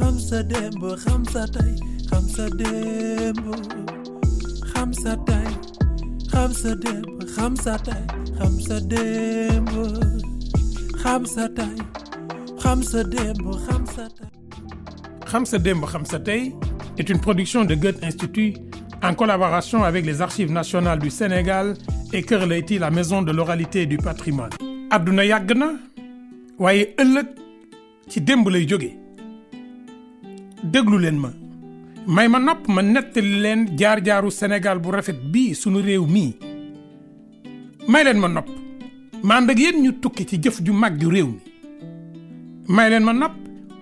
xam sa démb xam sa tey xam xam sa tey xam production de Goethe Institut en collaboration avec les Archives nationales du Sénégal et Kër Leyti la maison de l'oralité et du patrimoine. àdduna yàgg na ci démb lay jóge déglu leen ma may ma nopp ma nettali leen jaar-jaaru Sénégal bu rafet bii sunu réew mii may leen ma nopp ma ànd ak ñu tukki ci jëf ju mag ju réew mi may leen ma nopp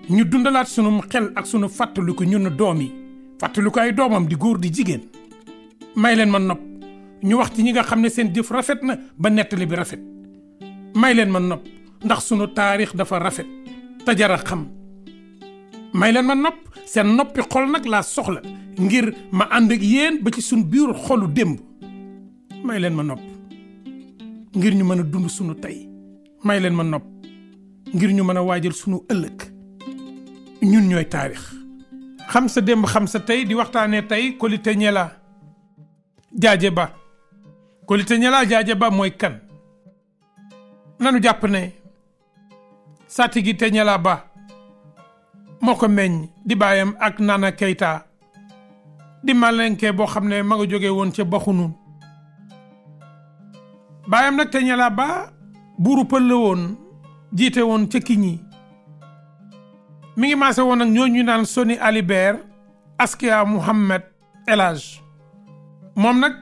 ñu dundalaat sunu xel ak sunu fàttaliku ñun doom yi fàttaliku ay doomam di góor di jigéen may leen ma nopp ñu wax ci ñi nga xam ne seen jëf rafet na ba nettali bi rafet may leen ma nopp ndax sunu taarix dafa rafet te jar a xam may leen ma nopp seen noppi xol nag laa soxla ngir ma ànd ak yéen ba ci suñ biir xolu démb may leen ma nopp ngir ñu mën a dund sunu tey may leen ma nopp ngir ñu mën a waajal sunu ëllëg ñun ñooy taarix xam sa démb xam sa tey di waxtaanee tey Koli Tegnella Jaaje Ba Koli Tegnella Jaaje Ba mooy kan nanu jàpp ne sati gi Tegnella Ba moo ko meññ di baayam ak Nana Keita di malenke boo xam ne ma nga jóge woon ca Baxunun baayam nag te ñala ba buuru pël woon jiite woon ca ñi mi ngi maase woon ak ñooñu naan Soni Alibert Askia Mohammed Elage moom nag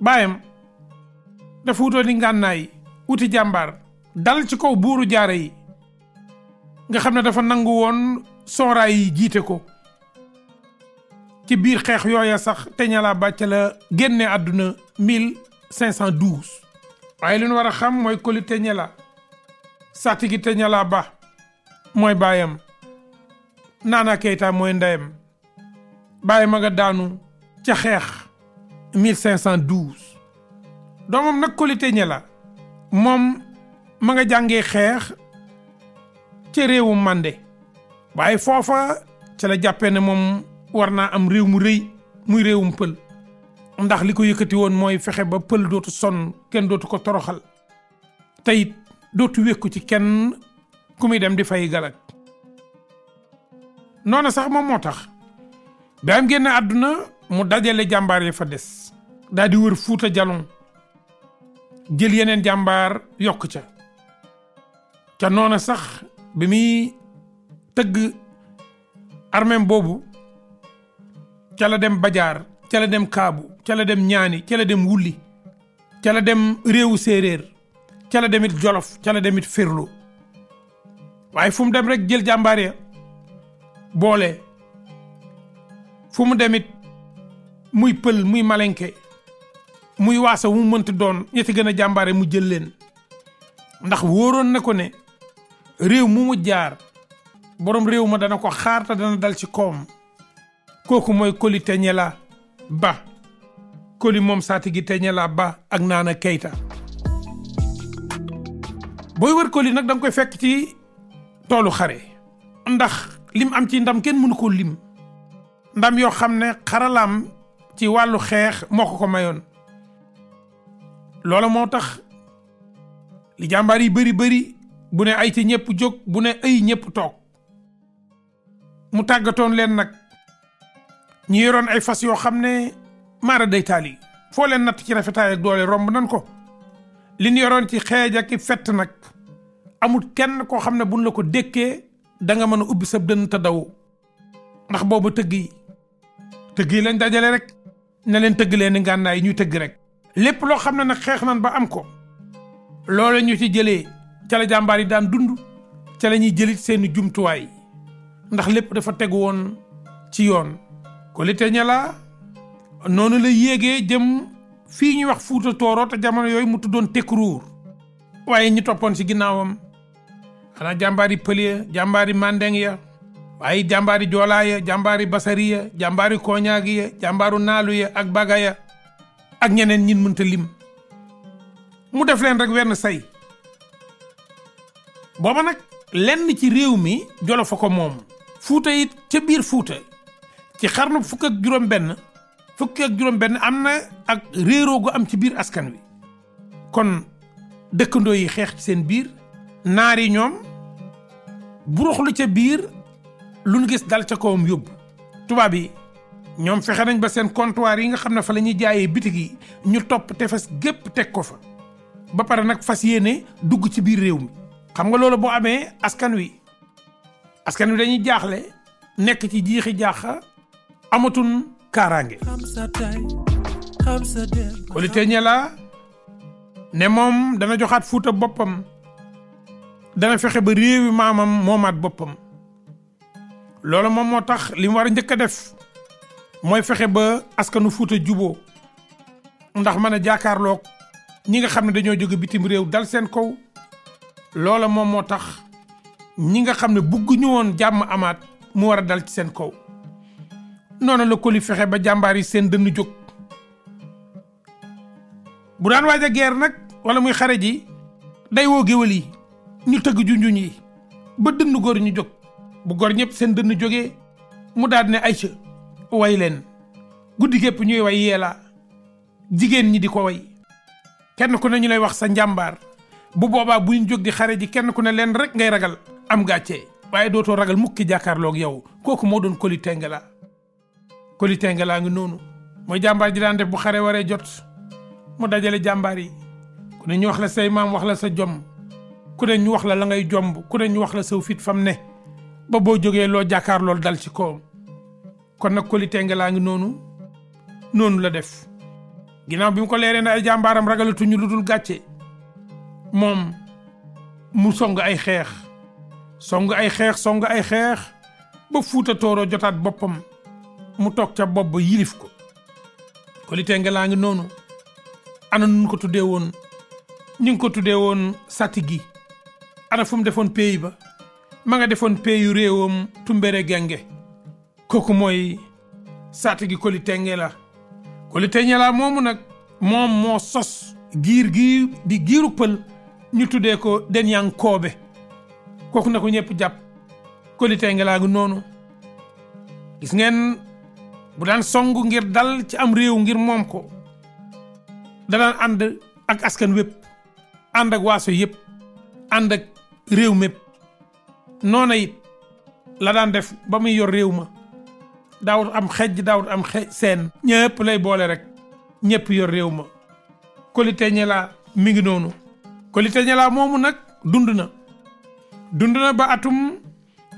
baayam dafa wutoo di ngànnaay wuti jàmbaar dal ci kaw buuru jaare yi nga xam ne dafa nangu woon sooraay yi jiite ko ci biir xeex yooya sax Teñala Bàccala génne àdduna 1512 waaye li war a xam mooy Koli Teñala sàttigi Teñala Ba mooy baayam Nana Keita mooy ndeyam bàyyi ma nga daanu ca xeex 1512 doomam nag Koli Teñala moom ma nga jàngee xeex ca réewum Mandé waaye foofa ca la jàppe ne moom war naa am réew mu rëy muy réewum pël ndax li ko yëkkati woon mooy fexe ba pël dootu sonn kenn dootu ko toroxal teyit dootu wékku ci kenn ku muy dem di fay galak noona sax moom moo tax bi am génn àdduna mu dajale jàmbaar ya fa des daal di wër fuuta jalon jël yeneen jàmbaar yokk ca ca noona sax bi muy tëgg armeem boobu ca la dem bajaar ca la dem kaabu ca la dem ñaani ca la dem wulli ca la dem réewu séeréer cala la demit jolof ca la demit firlu waaye fu mu dem rek jël jàmbaar ya boole fu demit muy pël muy malenke muy waasa wu mu mënti doon ñetti gën a jàmbaare mu jël leen ndax wóoroon na ko ne réew mu mu jaar boroom réew ma dana ko xaar te dana dal ci koom kooku mooy Koli Tegnella Ba Koli moom Satigi Tegnella Ba ak Nana Keita booy wër Koli nag da koy fekk ci toolu xare ndax lim am ci ndam kenn mënu ko lim ndam yoo xam ne xaralam ci wàllu xeex moo ko ko mayoon loola moo tax li jàmbaar yi bëri bëri bu ne ay ayti ñëpp jóg bu ne ay ñëpp toog mu tàggatoon leen nag ñu yoroon ay fas yoo xam ne maara day foo leen natt ci rafetaay doole romb nan ko li ñu yoroon ci xeej ak fett nag amut kenn koo xam ne buñ la ko dékkee danga nga mën a ubbi sa dënn daw ndax boobu tëgg yi tëgg yi lañ dajale rek na leen tëgg leen ni ngànnaay ñuy tëgg rek lépp loo xam ne nag xeex nan ba am ko loola ñu ci jëlee ca la jàmbaar yi daan dund ca la ñuy jëlit seeni jumtuwaay ndax lépp dafa tegu woon ci yoon Kolite Ñala noonu la yéege jëm fii ñuy wax Fuuta Tooro te jamono yooyu mu tuddoon Tekruur waaye ñu toppoon ci ginnaawam xanaa jàmbaari pël ya jàmbaari mandeng ya waaye jàmbaari joolaa ya jàmbaari basari ya jàmbaari koñaag ya jàmbaaru naalu ya ak baga ya ak ñeneen ñin mënta lim mu def leen rek wenn say booba nag lenn ci réew mi jolofa ko moom fuuta it ca biir fuuta ci xarnu fukk ak juróom benn fukki ak juróom benn am na ak réeroo gu am ci biir askan wi kon dëkkandoo yi xeex ci seen biir naar ñoom buruxlu ca biir lu nu gis dal ca kawam yóbbu tubaab yi ñoom fexe nañ ba seen comptoir yi nga xam ne fa la ñuy jaayee bitig yi ñu topp tefes gépp teg ko fa ba pare nag fas yéene dugg ci biir réew mi xam nga loolu boo amee askan wi askan wi dañuy jaaxle nekk ci jiixi jaaxa amatun kaaraange. Koli ñela ne moom dana joxaat Fuuta boppam dana fexe ba réewi maamam moomaat boppam loolu moom moo tax li war a njëkk a def mooy fexe ba askanu Fuuta juboo ndax mën a jaakaarloog ñi nga xam ne dañoo jóge bitim réew dal seen kow loola moom moo tax ñi nga xam ne bugguñu woon jàmm amaat mu war a dal ci seen kaw noonu la koli fexe ba jàmbaar yi seen dënn jóg bu daan waaj a nag wala muy xare ji day woo géwël yi ñu tëgg junjuñ yi ba dënn góor ñu jóg bu góor ñëpp seen dënn jóge mu daal ne ayca way leen guddi gépp ñuy way yeelaa jigéen ñi di ko way kenn ku ne ñu lay wax sa njàmbaar bu boobaa bu ñu jóg di xare ji kenn ku ne leen rek ngay ragal am gàcce waaye dootoo ragal mukki jàkkaarloog yow kooku moo doon Koli Tengela Koli Tengela ngi noonu mooy jàmbaar ji daan def bu xare waree jot mu dajale jàmbaar yi ku ne ñu wax la say maam wax la sa jom ku ne ñu wax la la ngay jomb ku ne ñu wax la saw fit fam ne ba boo jógee loo jàkkaarlool dal ci kawam kon nag Koli Tengela ngi noonu noonu la def ginnaaw bi mu ko leeree na ay jàmbaaram ragalatuñu lu dul gàcce moom mu song ay xeex song ay xeex song ay xeex ba Fuuta Tooro jotaat boppam mu toog ca bopp ba yilif ko Koli Tengelaa ngi noonu ana nu ko tuddee woon ñu ngi ko tuddee woon Satigi ana fu mu defoon pays ba ma nga defoon pays yu réewam Tumbere Genge kooku mooy Satigi Koli Tengelaa Koli Tengelaa moomu nag moom moo sos giir gi di giiru pël ñu tuddee ko Denyang Koobe kooku na ko ñëpp jàpp Koli Tenga ngi noonu gis ngeen bu daan song ngir dal ci am réew ngir moom ko da daan ànd ak askan wépp ànd ak waaso yëpp ànd ak réew mépp noona it la daan def ba muy yor réew ma daawut am xejj daawut am xej seen ñëpp lay boole rek ñëpp yor réew ma Koli Tenga laa mi ngi noonu Kolite Ñala moomu nag dund na dund na ba atum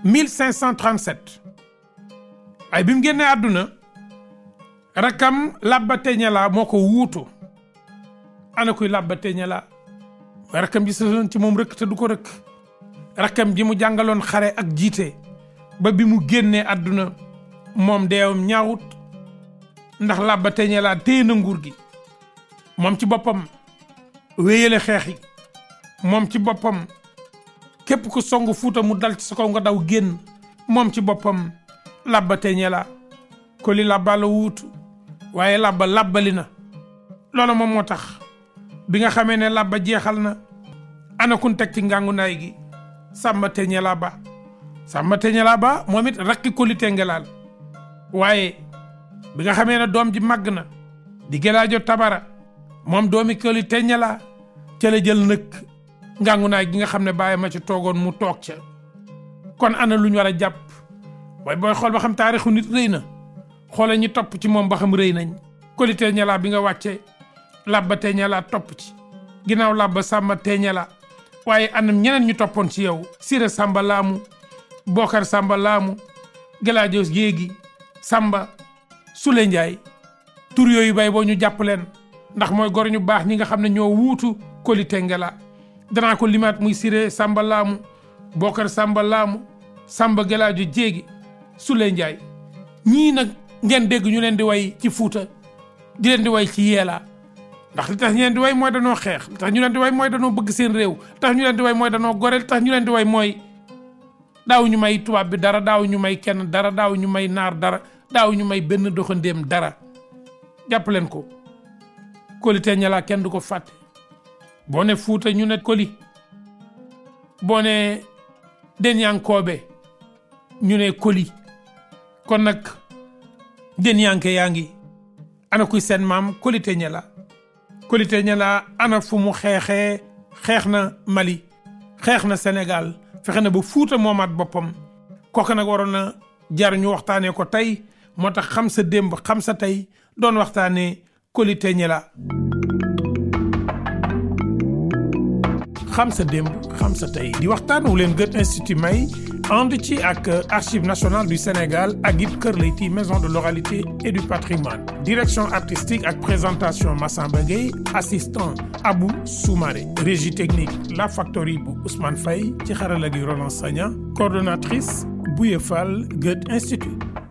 1537 waaye bi mu génnee àdduna rakkam Labbate Ñala moo ko wuutu ana kuy Labbate Ñala rakkam ji sësoon ci moom rëkk te du ko rëkk rakkam ji mu jàngaloon xare ak jiite ba bi mu génnee àdduna moom deewam ñaawut ndax Labbate Ñala téye na nguur gi moom ci boppam wéyale xeex yi moom ci boppam képp ku song fuuta mu dal ci sa kaw nga daw génn moom ci boppam labba teñe la ko li labba wuutu waaye labba làbbali na loolu moom moo tax bi nga xamee ne labba jeexal na ana ku teg ci ngangu naay gi sàmba teñe la ba sàmba teñe la ba moom rakki koli tengelaal waaye bi nga xamee ne doom ji màgg na di gelaajo tabara moom doomi koli teñe la jël nëkk ngàngunaay gi nga xam ne baay ma ca toogoon mu toog ca kon ana lu ñu war a jàpp waaye booy xool ba xam taarixu nit rëy na xoole ñi topp ci moom ba xam rëy nañ koli teeñalaa bi nga wàcce labba teeñalaa topp ci ginnaaw labba sàmba teeñalaa waaye anam ñeneen ñu toppoon ci yow sire sàmba laamu bokar sàmba laamu galaajo yéegi sàmba sule njaay tur yooyu bay boo ñu jàpp leen ndax mooy gor ñu baax ñi nga xam ne ñoo wuutu koli tengela danaa ko limaat muy Siré Samba Laamu Bokar Samba Laamu Samba Gelaajo Jéegi Sule Njaay ñii nag ngeen dégg ñu leen di way ci Fuuta di leen di way ci Yeelaa ndax li tax ñu leen di way mooy danoo xeex li tax ñu leen di way mooy danoo bëgg seen réew li tax ñu leen di way mooy danoo gore li tax ñu leen di way mooy daaw ñu may tubaab bi dara daaw ñu may kenn dara daaw ñu may naar dara daaw ñu may benn doxandéem dara jàpp leen ko kóolitee ñalaa kenn du ko fàtte boo ne Fuuta ñu ne Koli boo ne Denyankoobe ñu ne Koli kon nag Denyanke yaa ngi ana kuy seen maam Koliteñe la Koliteñe la ana fu mu xeexee xeex na Mali xeex na Sénégal fexe na ba Fuuta moomaat boppam kooku nag waroon na jar ñu waxtaanee ko tey moo tax xam sa démb xam sa tey doon waxtaanee Koliteñe la xam sa démb xam tey di waxtaan wu leen Goethe Institut may ànd ci ak Archives nationales du Sénégal ak it Kër Leyti maison de l'oralité et du patrimoine direction artistique ak présentation Massamba Gueye assistant Abou Soumaré régie technique La Factory bu Ousmane Faye ci xarala gi Roland Sagna coordonnatrice Bouye Fall Goethe Institut